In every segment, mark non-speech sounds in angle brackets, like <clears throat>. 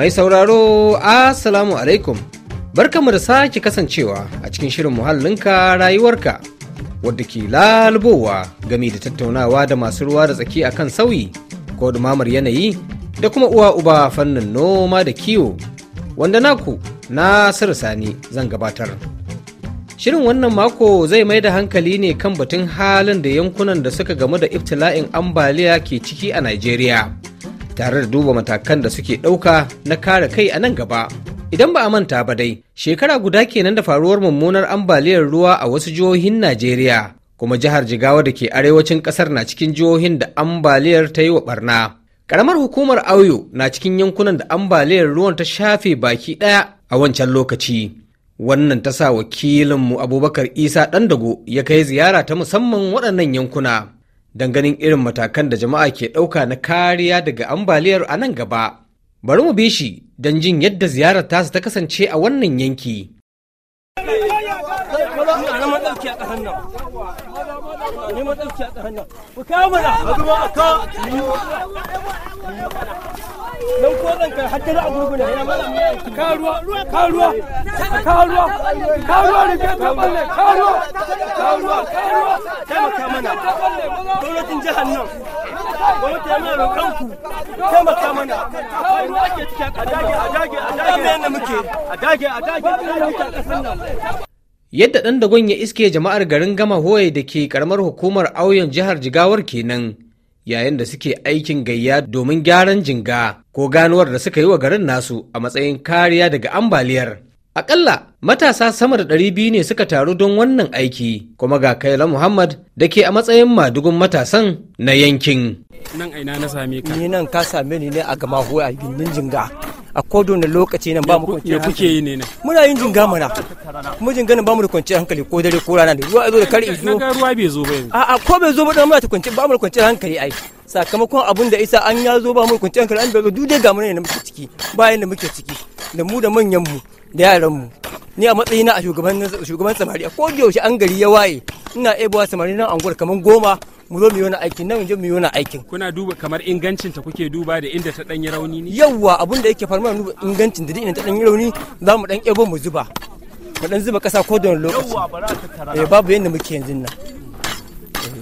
Mai sauraro, 'asalamu alaikum. Barkamu da sake kasancewa a cikin shirin muhallinka rayuwarka, wadda ke lalubowa gami da tattaunawa da masu ruwa da tsaki akan sauyi ko dumamar yanayi da kuma uwa uba fannin noma da kiwo, wanda naku na Sani zan gabatar. Shirin wannan mako zai mai da hankali ne kan batun halin da yankunan da suka gamu da iftila'in ambaliya ke ciki a Najeriya. tare da duba matakan da suke ɗauka na kare kai a nan gaba. Idan ba a manta ba dai, shekara guda kenan da faruwar mummunar ambaliyar ruwa a wasu jihohin Najeriya, kuma jihar Jigawa da ke arewacin ƙasar na cikin jihohin da ambaliyar ta yi wa ɓarna. Karamar hukumar Auyo na cikin yankunan da ambaliyar ruwan ta shafe baki ɗaya a wancan lokaci. wannan ta sa wakilinmu abubakar isa ɗandago ya kai ziyara ta musamman waɗannan yankuna don ganin irin matakan da jama'a ke ɗauka na kariya daga ambaliyar a nan gaba. Bari mu bi shi don jin yadda ziyarar tasa ta kasance a wannan yanki. nan ko nan ka a ka ruwa ka ruwa ka ruwa ka ruwa Ka balle ka ruwa ka ruwa ka ruwa taimaka mana gwamnatin jihar nan yana roƙon ku taimaka mana ake yadda muke Yadda ɗan dagon ya iske jama'ar garin Gama Hoye da ke ƙaramar hukumar auyen jihar Jigawar kenan. yayin da suke aikin gayya domin gyaran jinga ko ganuwar da suka yi wa garin nasu a matsayin kariya daga ambaliyar. Akalla matasa sama da ɗari biyu ne suka taru don wannan aiki kuma ga Kaila Muhammad da ke a matsayin madugun matasan na yankin. Nan aina na same ka. Ni nan ka same ni ne a gama huwa a gindin jinga. a kodon lokaci nan ba mu kwanciyar hankali. kuke yi ne nan? Muna yin jin gamana. Mu jin ganin ba mu da kwanciyar hankali ko dare ko rana da ruwa zo da kar izo. Na ruwa bai zo ba yanzu. A'a ko bai zo ba dan muna ta kwanciyar ba mu da kwanciyar hankali ai. Sakamakon abun da isa an ya zo ba mu da kwanciyar hankali an bai zo duk gamana ne na muke ciki bayan da muke ciki da mu da manyan mu da yaran mu. Ni a matsayina a shugaban shugaban samari a ko da an gari ya waye ina ebowa samari nan anguwar kaman goma mu zo mu yi wani aikin nan mu je mu yi wani aikin kuna duba kamar ingancin ta kuke duba da inda ta ɗanyi rauni ne yawa abin da yake faruwa duba ingancin da inda ta danyi rauni za mu dan ebo mu zuba mu dan zuba kasa ko don lokaci eh babu yanda muke yanzu nan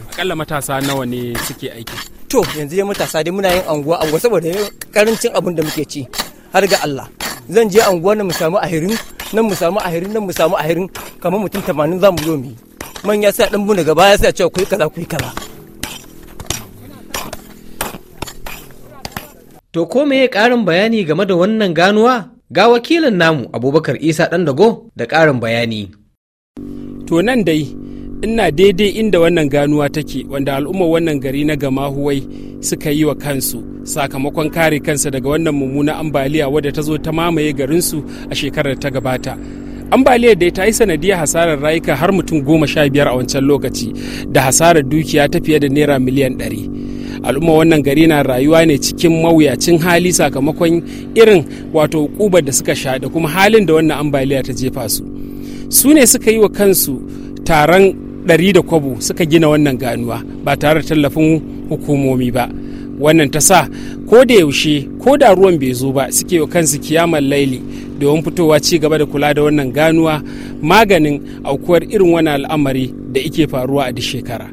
akalla matasa nawa ne suke aiki to yanzu ya matasa dai muna yin anguwa anguwa saboda karancin abin da muke ci har ga Allah zan je anguwa na mu samu ahirin nan mu samu ahirin nan mu samu ahirin kamar mutum 80 za mu zo mu yi manya sai dan buna gaba ya sai cewa kuyi kaza kuyi kaza To ko meye ƙarin bayani game da wannan ganuwa? Ga wakilin namu Abubakar Isa dago da ƙarin bayani. To nan dai ina daidai inda wannan ganuwa take wanda al'ummar wannan gari na gama huwai suka yi wa kansu sakamakon kare kansa daga wannan mummunan ambaliya wadda ta zo ta mamaye garinsu a shekarar ta gabata. ambaliyar da ta yi sanadiyar hasarar rayuka har mutum goma sha biyar a wancan lokaci da hasarar dukiya ta fiye da naira miliyan ɗari al'umma wannan gari na rayuwa ne cikin mawuyacin hali sakamakon irin wato ƙubar da suka sha da kuma halin da wannan ambaliya ta jefa su su ne suka yi wa kansu taron ɗari da kwabo suka gina wannan ganuwa ba tare da tallafin hukumomi ba wannan ta sa ko da yaushe ko da ruwan bai zo ba suke wa kansu kiyamar laili domin fitowa ci gaba da kula da wannan ganuwa maganin aukuwar irin wani al'amari da ike faruwa a duk shekara.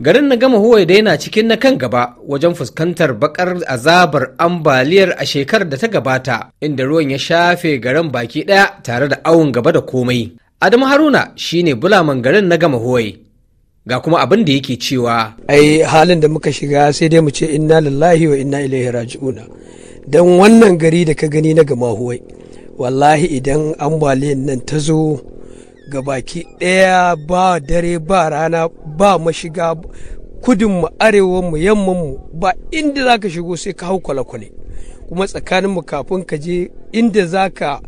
garin na gama huwai da yana cikin na kan gaba wajen fuskantar bakar azabar ambaliyar a shekarar da ta gabata inda ruwan ya shafe garin baki ɗaya tare da awon gaba da komai adamu haruna shine bulaman garin na gama huwai ga kuma abin da yake cewa ai halin da muka shiga sai dai mu ce inna lillahi wa inna ilaihi raji'una dan wannan gari da ka gani na gama huwai wallahi idan ambaliyar nan ta zo gabaki ɗaya ba dare ba rana ba mashiga kudin mu arewa mu yamman mu ba inda zaka shigo sai ka hau kwale-kwale kuma tsakanin mu kafin ka je inda zaka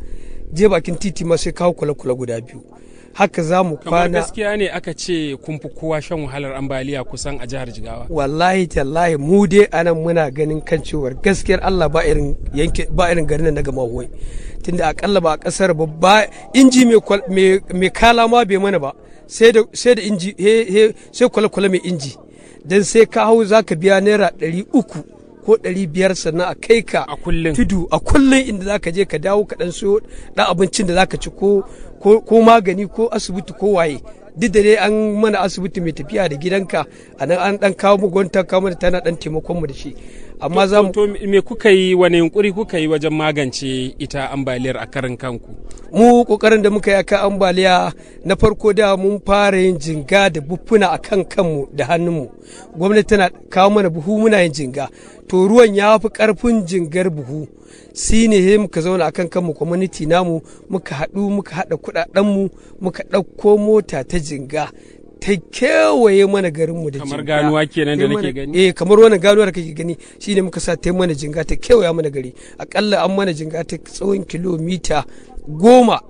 je bakin titi ma sai ka hau kwale-kwale guda biyu haka za mu kwana gaskiya ne aka ce kun fi kowa shan wahalar ambaliya kusan a jihar jigawa wallahi tallahi mu dai anan muna ganin kan cewar gaskiyar Allah ba irin yanke ba irin garin na gama huwai tunda akalla ba a kasar ba inji mai kalama bai mana ba sai da inji sai kwale-kwale mai inji dan sai ka hau za ka biya naira ɗari uku ko ɗari biyar sannan a kai ka tudu a kullum inda za ka je ka dawo ka ɗan so ɗan abincin da za ka ci ko ko magani ko asibiti ko waye duk da dai an mana asibiti mai tafiya da gidanka a nan an dan kawo mu gwanta kawo mana tana dan taimakon mu da shi amma za mu to me kuka yi wani yunkuri kuka yi wajen magance ita ambaliyar a karin kanku mu kokarin da muka yi akan ambaliya na farko da mun fara yin jinga da buffuna kan kanmu da hannunmu gwamnati tana kawo mana buhu muna yin jinga to ruwan ya fi karfin jingar buhu Sine ne he muka zauna akan kanmu community namu muka haɗu muka haɗa kuɗaɗenmu muka ɗauko mota ta jinga ta kewaye mana garinmu da kamar ganuwa kenan da nake gani eh kamar wannan ganuwa da kake gani shine muka sa ta mana jinga ta kewaye mana gari akalla an mana jinga ta tsawon kilomita goma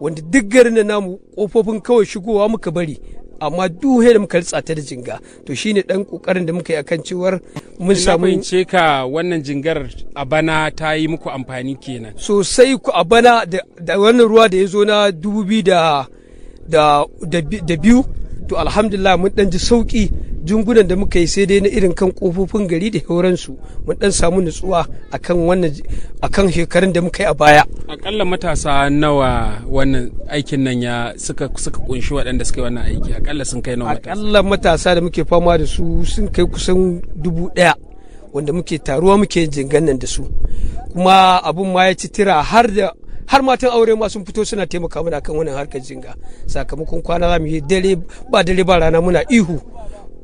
wanda duk garin namu kofofin kawai shigowa muka bari amma duhe da muka ritsa ta da jinga to shine dan kokarin da muka yi akan cewar mun samu ce ka wannan jingar a bana ta yi muku amfani kenan sosai ku a bana da wannan ruwa da ya zo na dubu biyu da biyu to alhamdulillah mun dan ji sauki jungunan da muka yi sai dai na irin kan kofofin gari da hauransu mun dan samu nutsuwa akan wannan akan shekarun da muka yi a baya akalla matasa nawa wannan aikin nan ya suka suka kunshi waɗanda suka yi wannan aiki akalla sun kai nawa matasa akalla matasa da muke fama da su sun kai kusan dubu ɗaya wanda muke taruwa muke jingannan da su kuma abun ma ya ci tira har da har matan aure ma sun fito suna taimaka mana kan wannan harkar jinga sakamakon kwana za mu yi dare ba dare ba rana muna ihu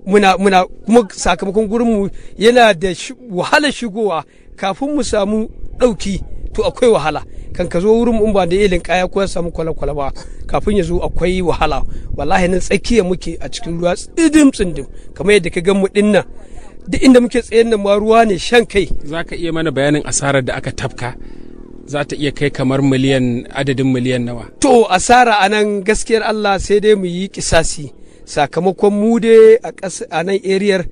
muna muna kuma sakamakon gurinmu yana da wahala shigowa kafin mu samu ɗauki to akwai wahala kan ka zo wurin in ba da ilin kaya ko ya samu kwale ba kafin ya zo akwai wahala wallahi nan tsakiya muke a cikin ruwa tsidim tsindim kamar yadda ka gan mu dinnan duk inda muke tsayen nan ma ruwa ne shan kai zaka iya mana bayanin asarar da aka tafka za ta iya kai kamar miliyan adadin miliyan nawa to asara a nan gaskiyar Allah sai dai mu yi kisasi sakamakon mu dai a nan eriyar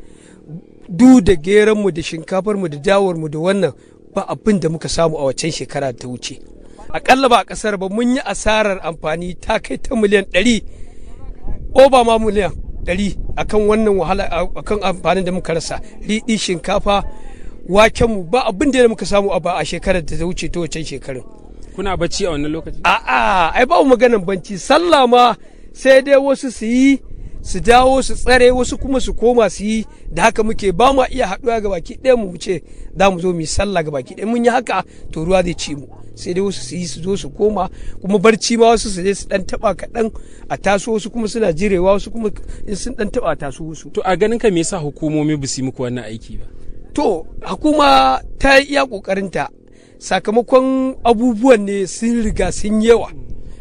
du da geranmu da shinkafarmu da dawarmu da wannan ba abin da muka samu a waccan shekara ta wuce akalla ba a ƙasar ba mun yi asarar amfani ta kai ta miliyan ɗari ko ba ma miliyan ɗari akan wannan wahala akan amfanin da muka rasa riɗi shinkafa wakenmu ba abin da muka samu a ba a shekarar da ta wuce ta wancan shekarun kuna bacci a wannan lokacin a'a ai ba maganan banci sallah ma sai dai wasu su yi su dawo su tsare wasu kuma su koma su yi da haka muke ba ma iya haɗuwa ga baki ɗaya mu wuce za mu zo mu yi sallah ga baki ɗaya mun yi haka to ruwa zai ci mu sai dai wasu su yi su zo su koma kuma barci ma wasu su je su dan taba kaɗan a taso wasu kuma suna jirewa wasu kuma sun dan taba a taso wasu to a ganin ka me yasa hukumomi ba su yi muku wannan aiki ba To, hakuma ta yi iya ta sakamakon abubuwan ne sun riga sun yawa.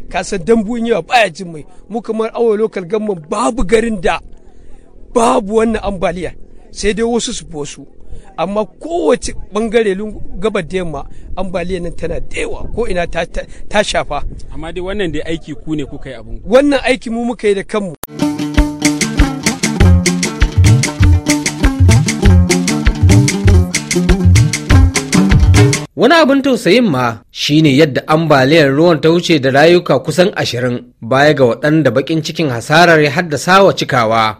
Kasan dambun yawa baya jin mai, mu kamar awa lokal gamman babu garin da babu wannan ambaliya sai dai wasu su wasu. Amma kowace bangare gabar da yamma ambaliya nan tana da yawa ko ina ta shafa. Amma dai wannan dai aiki ku ne kuka yi abun. Wannan aiki mu muka yi da kanmu. Wani abin tausayin ma shi ne yadda ambaliyar ruwan ta wuce da rayuka kusan ashirin baya ga waɗanda baƙin cikin hasarar ya haddasa wa cikawa.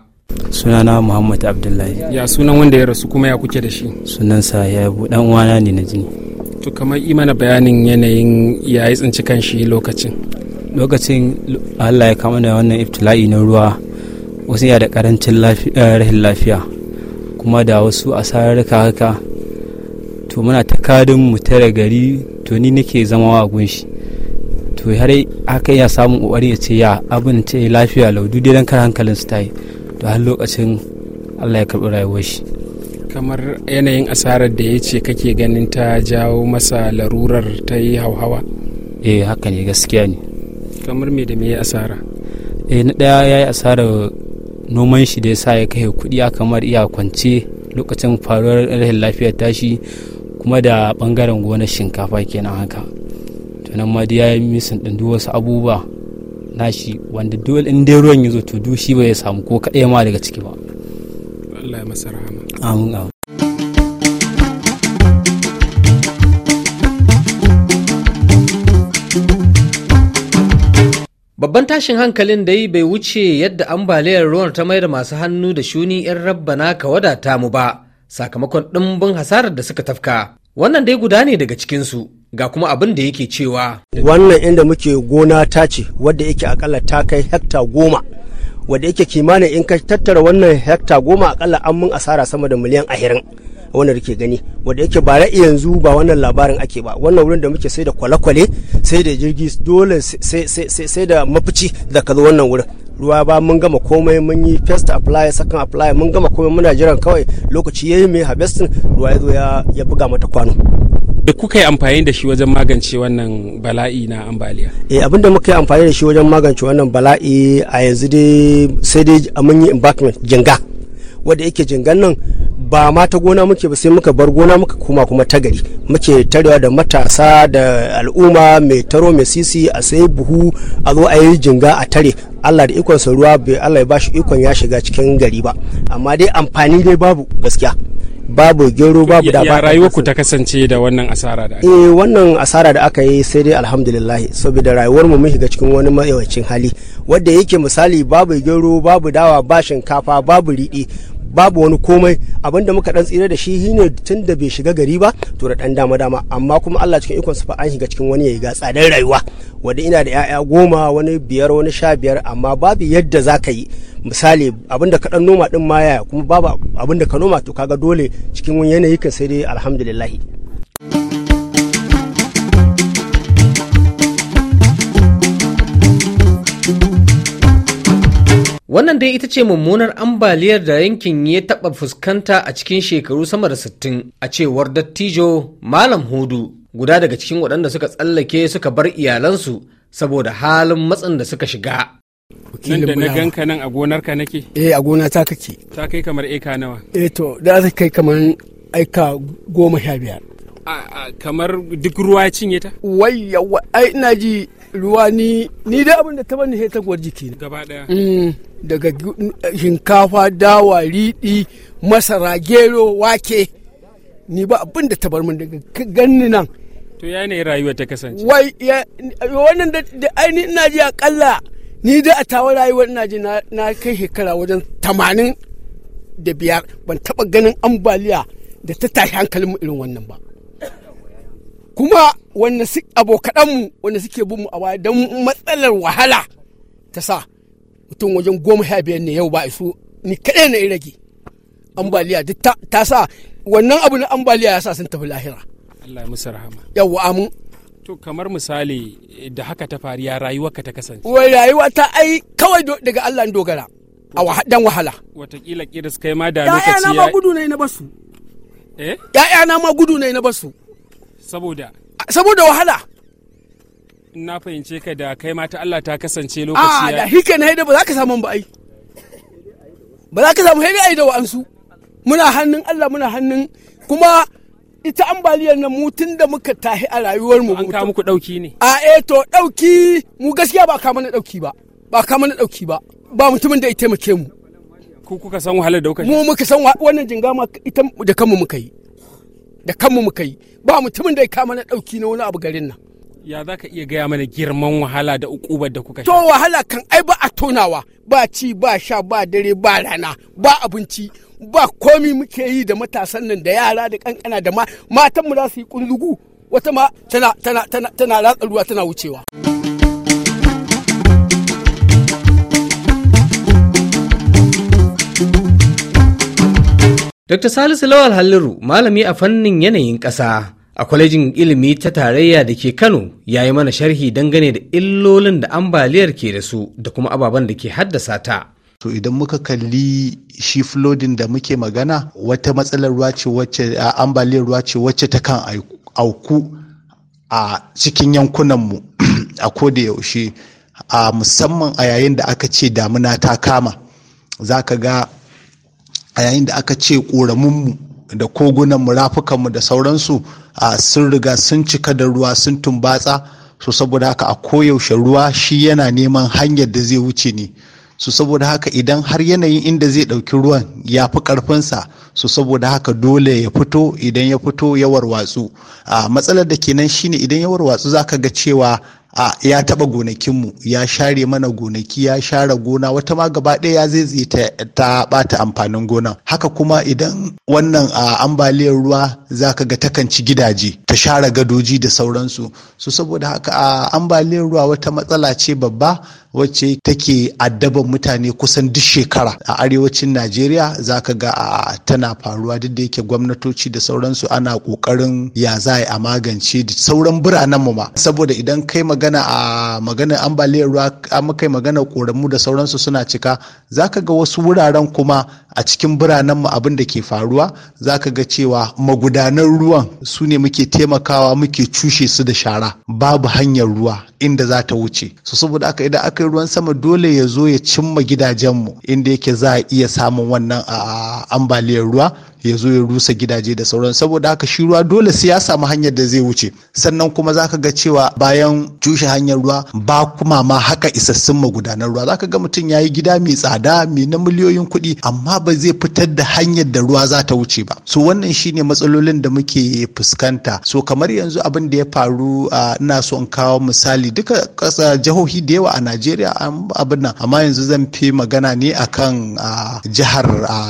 sunana muhammad abdullahi ya sunan wanda ya rasu kuma ya kuke da shi sunansa ya yi buɗan uwana ne na jini to kamar mana bayanin yanayin ya yi tsinci kan shi lokacin lokacin allah ya kama da wannan iftila'i na ruwa wasu ya da karancin eh, rahin lafiya kuma da wasu asararka haka to muna ta kadin mu tare gari to ni nake zama wa gunshi to har aka ya samun kokari ya ce ya abin ce lafiya lau duk dai kar hankalin su tayi to har lokacin Allah ya karbi rayuwar shi kamar yanayin asarar da ya ce kake ganin ta jawo masa larurar ta yi hauhawa eh haka ne gaskiya ne kamar me da me ya asara eh na daya ya yi noman shi da ya sa ya kai kuɗi a kamar iya kwance lokacin faruwar rahin lafiyar tashi kuma da bangaren gonar shinkafa kenan haka tunan nan ma ya yi misin ɗin wasu abubuwa na shi wanda dole in dai ruwan ya zo to duk shi bai samu ko kaɗai ma daga ciki ba Allah ya masa rahama amin amin Babban tashin hankalin da yi bai wuce yadda ambaliyar ruwan ta mai da masu hannu da shuni 'yan rabba na ka wadata mu ba. sakamakon ɗimbin hasarar da suka tafka wannan dai guda ne daga cikinsu ga kuma abin da yake cewa wannan inda muke gona ta ce wadda yake akalla ta kai hekta goma wadda yake kimanin in ka tattara wannan hekta goma akalla an mun asara sama da miliyan ahirin wannan da ke gani wadda yake ba ra'i yanzu ba wannan labarin ake ba wannan wurin da muke sai da kwale-kwale sai da jirgi dole sai da mafici da ka zo wannan wurin ruwa ba mun gama komai mun yi first apply second apply mun gama komai muna jiran kawai lokaci yayi mai harvesting ruwa ya ya buga mata kwano me kuka yi amfani da shi wajen magance wannan bala'i na ambaliya eh abin da muka yi amfani da shi wajen magance wannan bala'i a yanzu dai sai dai mun yi embankment jinga wanda yake jingan nan ba ma ta gona muke ba sai muka bar gona muka koma kuma ta gari muke tarewa da matasa da al'umma mai taro mai sisi a sai buhu a zo a yi jinga a tare Allah da ikon ruwa bai Allah ya shi ikon ya shiga cikin gari ba amma dai amfani dai babu gaskiya babu gero babu da ba rayuwar ku ta kasance da wannan asara da eh wannan asara da aka yi sai dai alhamdulillah saboda rayuwar mu mun shiga cikin wani matsayacin hali wanda yake misali babu gero babu dawa ba shinkafa babu riɗi babu wani komai abin da muka dan tsira da shi shine tun da bai shiga gari ba to da dan dama dama amma kuma Allah cikin ikon fa an shiga cikin wani yayi ga tsadar rayuwa wanda ina da 'ya'ya goma wani biyar wani sha biyar amma babu yadda za ka yi misali abinda ka dan noma din ma yaya kuma babu abinda ka noma to kaga dole cikin wani yanayi kan sai dai alhamdulillah Wannan dai ita ce mummunar ambaliyar da yankin ya taɓa fuskanta a cikin shekaru sama da sittin, a cewar dattijo Malam Hudu guda daga cikin waɗanda suka tsallake suka bar iyalansu saboda halin matsin da suka shiga. Nan da na ganka nan a gonarka nake? Eh a gona ta kake. Ta kai kamar eka nawa? Eh to da ta kai kamar aika goma sha biyar. Kamar duk ruwa cinye ta? Wai ai ina ji ruwa ni ni da abin da ta bani sai taguwar jiki ne gaba daya mm, daga shinkafa dawa riɗi masara gero wake ni ba abin da ta bar min daga ganni nan to ya ne rayuwa ta kasance wai ya wannan da aini ina ji akalla ni da a tawa rayuwar ina ji na kai shekara wajen tamanin da biyar ban taba ganin ambaliya da ta tashi hankalin irin wannan ba kuma wanda su abokadanmu wanda suke bin mu a waya don matsalar wahala ta sa mutum wajen goma sha biyar ne yau ba isu ni kaɗai na rage ambaliya duk ta sa wannan abu na ambaliya ya sa sun tafi lahira Allah ya musu rahama yawwa amin to kamar misali da haka ta faru ya rayuwa ka ta kasance wai rayuwa ta ai kawai daga Allah dogara a wa dan wahala watakila kiris kai ma da lokaci ya na ma gudu yi na basu eh ya'ya na ma gudu yi na basu saboda saboda wahala na fahimce ka da kai mata Allah ta kasance ah, lokaci ya da hike na haida ba za ka samu ba ai ba za ka samu haida ai da wa'ansu muna hannun Allah muna hannun kuma ita ambaliyar nan mutun da muka tahi a rayuwar mu an ka muku dauki ne a eh to dauki mu gaskiya ba ka mana dauki ba ba ka mana dauki ba ba mutumin da ya taimake mu ku kuka san wahalar da kuka mu muka san wannan jingama ita da kanmu muka yi da kanmu muka yi ba mutumin da ya kama na ɗauki na wani abu garin nan ya za ka iya gaya mana girman wahala da ukubar da kuka to wahala kan ai ba a tonawa ba ci ba sha ba dare ba rana ba abinci ba komi muke yi da matasan nan da yara da kankana da ma matan mu za su yi kunzugu wata ma tana tana tana ratsa ruwa tana wucewa Dr. Salisu Lawal Halliru malami a fannin yanayin ƙasa a kwalejin ilimi ta tarayya da ke Kano ya yi mana sharhi dangane da illolin da ambaliyar ke da su da kuma ababen da ke haddasa ta. To idan muka kalli shi flooding da muke magana wata matsalar ruwa ce wacce ambaliyar ruwa ce wacce ta kan auku a cikin yankunanmu <clears throat> a koda yaushe a musamman a yayin da aka ce damuna ta kama za ka ga a yayin da aka ce ƙoramunmu da kogunanmu murafukanmu da sauransu a sun riga sun cika da ruwa sun tumbatsa su saboda haka a koyaushe ruwa shi yana neman hanyar da zai wuce ne Su saboda haka idan har yanayin inda zai ɗauki ruwan ya fi ƙarfinsa su saboda haka dole ya fito idan ya fito ya warwatsu a matsalar da kenan shine idan yawar watsu za ka ga cewa a ya taba gonakinmu ya share mana gonaki ya share gona wata ma gaba ɗaya ya zai ta, ta bata amfanin gona haka kuma idan wannan ambaliyar ruwa za ka ga takanci gidaje ta share gadoji da sauransu su saboda haka a ambaliyar ruwa wata matsala ce babba wacce take addaban mutane kusan duk shekara a arewacin najeriya za ka ga a tana faruwa duk da yake gwamnatoci da sauransu ana kokarin ya za a magance da sauran biranen mu ma saboda idan kai magana magana a magana ambaliyar ruwa an makai magana koramu da sauransu suna cika zaka ga wasu wuraren kuma a cikin biranenmu abin da ke faruwa zaka ga cewa magudanan ruwan su ne muke taimakawa muke cushe su da shara babu hanyar ruwa inda za ta wuce su saboda aka idan aka yi ruwan sama dole ya zo ya cimma gidajenmu inda yake za a iya samun wannan ambaliyar ruwa ya zo ya rusa gidaje da sauran saboda haka shi ruwa dole sai ya samu hanyar da zai wuce sannan kuma zaka ga cewa bayan cushe hanyar ruwa ba kuma ma haka isassun magudanar ruwa zaka ga mutum ya yi gida mai tsada mai na miliyoyin kuɗi amma ba zai fitar da hanyar da ruwa za ta wuce ba so wannan shine matsalolin da muke fuskanta so kamar yanzu abin da ya faru ina so in kawo misali duka ƙasa jihohi da yawa a najeriya abin nan amma yanzu zan fi magana ne akan jihar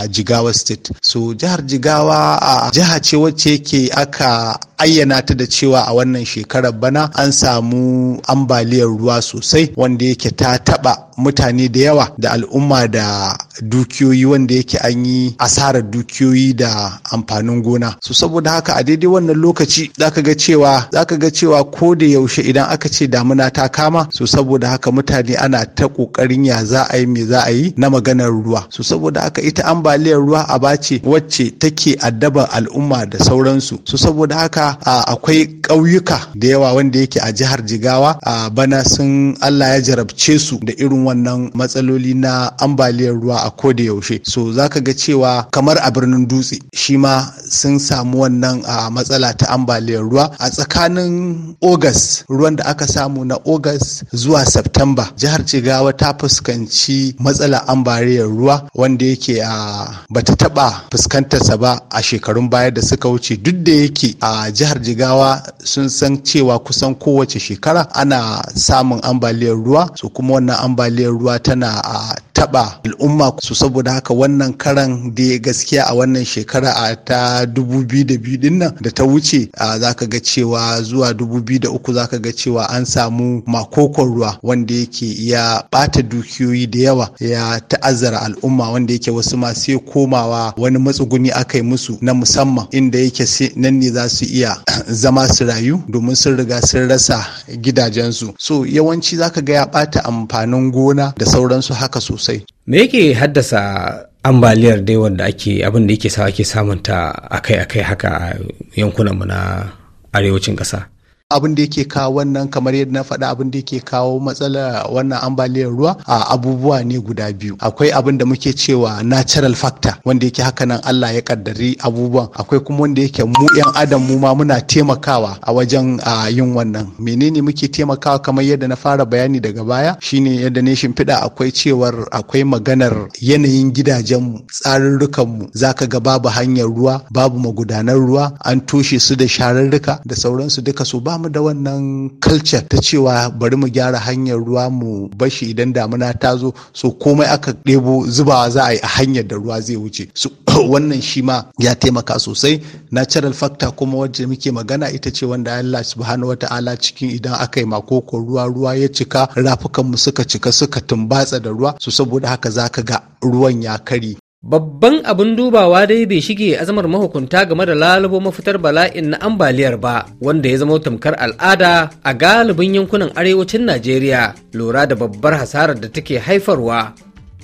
jigawa state so jihar jihar jigawa a jiha ce wacce ke aka ayyana ta da cewa a wannan shekarar bana an samu ambaliyar ruwa sosai wanda yake ta taba mutane da yawa da al'umma da dukiyoyi wanda yake an yi asarar dukiyoyi da amfanin gona so saboda haka a daidai wannan lokaci zaka ga cewa zaka ga cewa ko da yaushe idan aka ce damuna ta kama so saboda haka mutane ana ta kokarin ya za a yi me za a yi na maganar ruwa so saboda haka ita ambaliyar ruwa a bace wacce take addabar al'umma da sauransu so saboda haka a akwai ƙauyuka da yawa wanda yake a jihar jigawa a bana sun allah ya jarabce su da irin wannan matsaloli na ambaliyar ruwa a ko da yaushe so zaka ga cewa kamar a birnin dutse shi ma sun samu wannan matsala ta ambaliyar ruwa a tsakanin ogas ruwan da aka samu na ogas zuwa september jihar jigawa ta fuskanci matsala ambaliyar ruwa wanda yake a bata taba fuskantarsa ba a shekarun baya da suka wuce duk da yake a jihar jigawa sun san cewa kusan kowace shekara ana samun ambaliyar ruwa su kuma wannan ambaliyar ruwa tana a taba al'umma su saboda haka wannan karan da ya gaskiya a wannan shekara a ta 2002 din nan da ta wuce za ka ga cewa zuwa 2003 za ka ga cewa an samu makokon ruwa wanda yake ya bata dukiyoyi da yawa ya ta'azzara al'umma wanda yake wasu ma sai komawa wani matsuguni aka yi musu na musamman inda yake nan ne za su iya iya zama su rayu domin sun riga sun rasa gidajensu so yawanci zaka ga ya ɓata amfanin gona da sauransu haka sosai me yake haddasa ambaliyar dai wanda ake abin da yake sa ake samunta akai-akai haka a yankunanmu na arewacin ƙasa abin da yake kawo wannan kamar yadda na faɗa abin da yake kawo matsalar wannan ambaliyar ruwa a abubuwa ne guda biyu akwai abin da muke cewa natural factor wanda yake haka nan Allah ya kaddari abubuwan akwai kuma wanda yake mu yan adam mu ma muna taimakawa a wajen yin wannan menene muke taimakawa kamar yadda na fara bayani daga baya shine yadda ne shimfiɗa akwai cewar akwai maganar yanayin gidajen gidajenmu mu zaka ga babu hanyar ruwa babu magudanar ruwa an toshe su da shararruka da sauransu duka su ba mu da wannan culture ta cewa bari mu gyara hanyar ruwa mu bashi idan damuna ta zo so komai aka ɗebo zubawa za a yi a hanyar da ruwa zai wuce so <clears throat> wannan shi ma ya taimaka sosai natural factor kuma wacce muke magana ita ce wanda Allah subhanahu wata'ala cikin idan aka yi makoko ruwa ruwa ya cika rafukan mu suka cika suka tumbatsa da ruwa su saboda haka zaka ga ruwan ya kari Babban abin dubawa dai bai shige azamar mahukunta game da lalubo mafitar bala'in na ambaliyar ba, wanda ya zama tamkar al'ada a galibin yankunan arewacin Najeriya, lura da babbar hasarar da take haifarwa.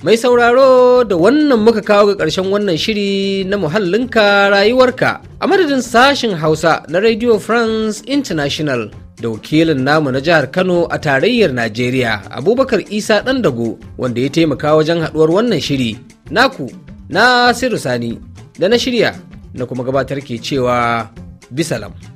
Mai sauraro da wannan muka kawo ga ƙarshen wannan shiri na muhallinka rayuwarka a madadin sashin Hausa na Radio France International da wakilin namu na jihar Kano a tarayyar Najeriya, Abubakar Isa Ɗandago, wanda ya taimaka wajen haɗuwar wannan shiri. Naku na Sani da na shirya na kuma gabatar ke cewa bisalam.